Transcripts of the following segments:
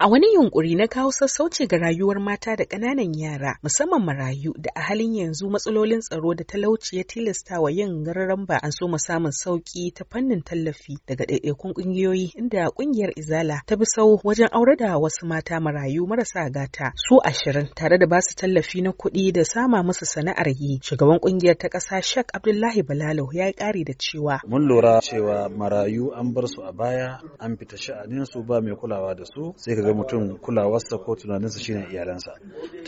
A wani yunkuri na kawo sassauci ga rayuwar mata da ƙananan yara musamman marayu da a halin yanzu matsalolin tsaro da talauci ya tilasta wa yin gararamba an so samun sauki ta fannin tallafi daga ɗaiɗaikun ƙungiyoyi inda ƙungiyar Izala ta bi sau wajen aure da wasu mata marayu marasa gata su ashirin tare da basu tallafi na kuɗi da sama musu sana'ar yi. Shugaban ƙungiyar ta ƙasa Shek Abdullahi Balalo ya yi ƙari da cewa. Mun lura cewa marayu an bar su a baya an fita sha'anin su ba mai kulawa da su sai ga mutum kulawarsa ko tunaninsa shine iyalansa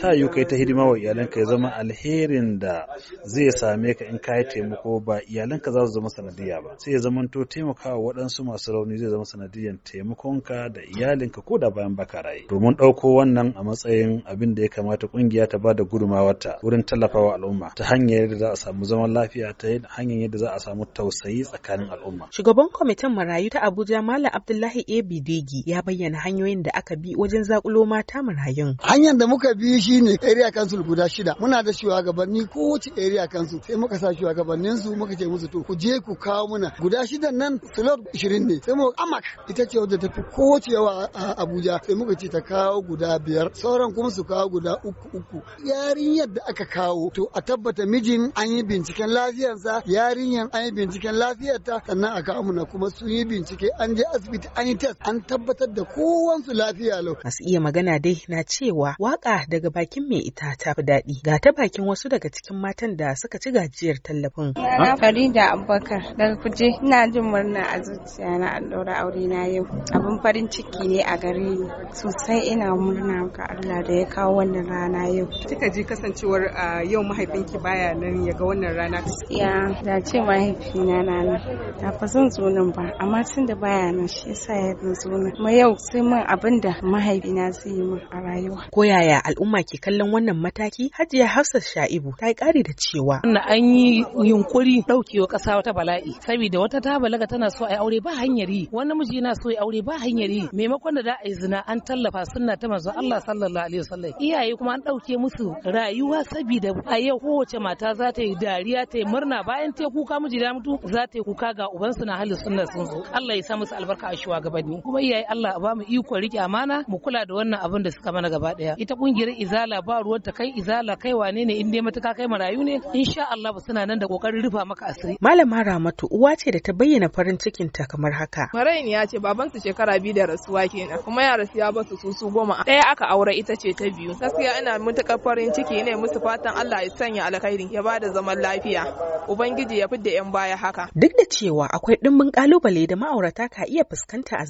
ta yiwu kai ta hidima wa iyalanka ya zama alherin da zai same ka in kayi taimako ba iyalanka za su zama sanadiyya ba sai ya zama to taimakawa waɗansu masu rauni zai zama sanadiyyar taimakonka da iyalinka ko da bayan baka raye domin ɗauko wannan a matsayin abin da ya kamata ƙungiya ta ba da gudumawarta wurin tallafawa al'umma ta hanyar yadda za a samu zaman lafiya ta hanyar yadda za a samu tausayi tsakanin al'umma shugaban kwamitin marayu ta abuja malam abdullahi degi ya bayyana hanyoyin da aka aka bi wajen zakulo mata marayun. Hanyar da muka bi shi ne area council guda shida. Muna da shugabanni kowace area council sai muka sa shugabannin su muka ce musu to ku je ku kawo muna. Guda shidan nan slot 20 ne. Sai mu amak ita ce wadda tafi kowace yawa a Abuja sai muka ce ta kawo guda biyar. Sauran kuma su kawo guda uku uku. Yarinyar da aka kawo to a tabbata mijin an yi binciken lafiyarsa yarinyar an yi binciken lafiyarta sannan a kawo muna kuma sun yi bincike an je asibiti an yi test an tabbatar da kowansu lafiya. lafiya Masu iya magana dai na cewa waka daga bakin mai ita ta fi daɗi. Ga ta bakin wasu daga cikin matan da suka ci gajiyar tallafin. Na Farida Abubakar daga Kuje ina jin murna a zuciya na allura aure na yau. Abin farin ciki ne a gare ni. Sosai ina murna ga Allah da ya kawo wannan rana yau. Kika ji kasancewar yau mahaifinki baya nan ya ga wannan rana. Ya da ce mahaifina na nan. Da fa zan zo nan ba amma tun da baya nan shi yasa ya zo nan. Kuma yau sai mun abin da da mahaifina zai yi min a rayuwa. Ko yaya al'umma ke kallon wannan mataki? Hajiya Hafsat Sha'ibu ta yi ƙari da cewa. Wannan an yi yunkuri ɗaukewa ƙasa wata bala'i. Saboda wata ta balaga tana so a yi aure ba hanyar yi. Wani miji yana so ya aure ba hanyar yi. Maimakon da za a yi zina an tallafa sunna ta manzon Allah sallallahu alaihi wasallam. Iyaye kuma an ɗauke musu rayuwa saboda a yau kowace mata za ta yi dariya ta yi murna bayan ta kuka miji da mutu za ta yi kuka ga ubansu na halin sunna sun zo. Allah ya sa musu albarka a shugabanni. Kuma iyaye Allah ba mu iko riƙe amma amana mu kula da wannan abin da suka mana gaba daya ita kungiyar izala ba ruwan ta kai izala kai wane ne in dai matuka kai marayu ne insha Allah ba suna nan da kokarin rufa maka asiri malama Ramatu uwa ce da ta bayyana farin cikin ta kamar haka Maraini ya ce baban su shekara biyu da rasuwa kenan kuma ya rasu ya basu su su goma ɗaya aka aure ita ce ta biyu gaskiya ina mutukar farin ciki ne musu fatan Allah ya sanya alkhairi ya bada zaman lafiya ubangiji ya fidda yan baya haka duk da cewa akwai dimbin kalubale da ma'aurata ka iya fuskanta a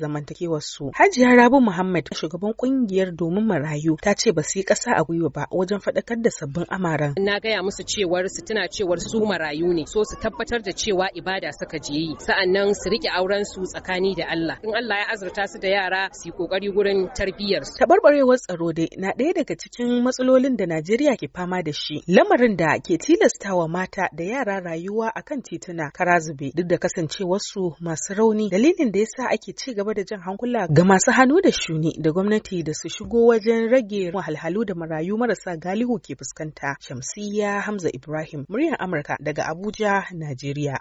hajiya rabu muhammad Ahmed shugaban kungiyar domin marayu ta ce ba su yi ƙasa a gwiwa ba wajen faɗakar da sabbin amaran. Na gaya musu cewar su tuna cewar su marayu ne so su tabbatar da cewa ibada suka je yi sa'annan su rike auren su tsakani da Allah. In Allah ya azurta su da yara su yi kokari gurin tarbiyyar su. Tabarbarewar tsaro dai na ɗaya daga cikin matsalolin da Najeriya ke fama da shi. Lamarin da ke tilastawa mata da yara rayuwa a kan tituna kara zube duk da kasancewarsu masu rauni dalilin da ya sa ake ci gaba da jan hankula ga masu hannu da shuni ne da gwamnati da su shigo wajen rage wahalhalu da marayu marasa galihu ke fuskanta. Shamsiyya Hamza Ibrahim, muryar Amurka daga Abuja, Najeriya.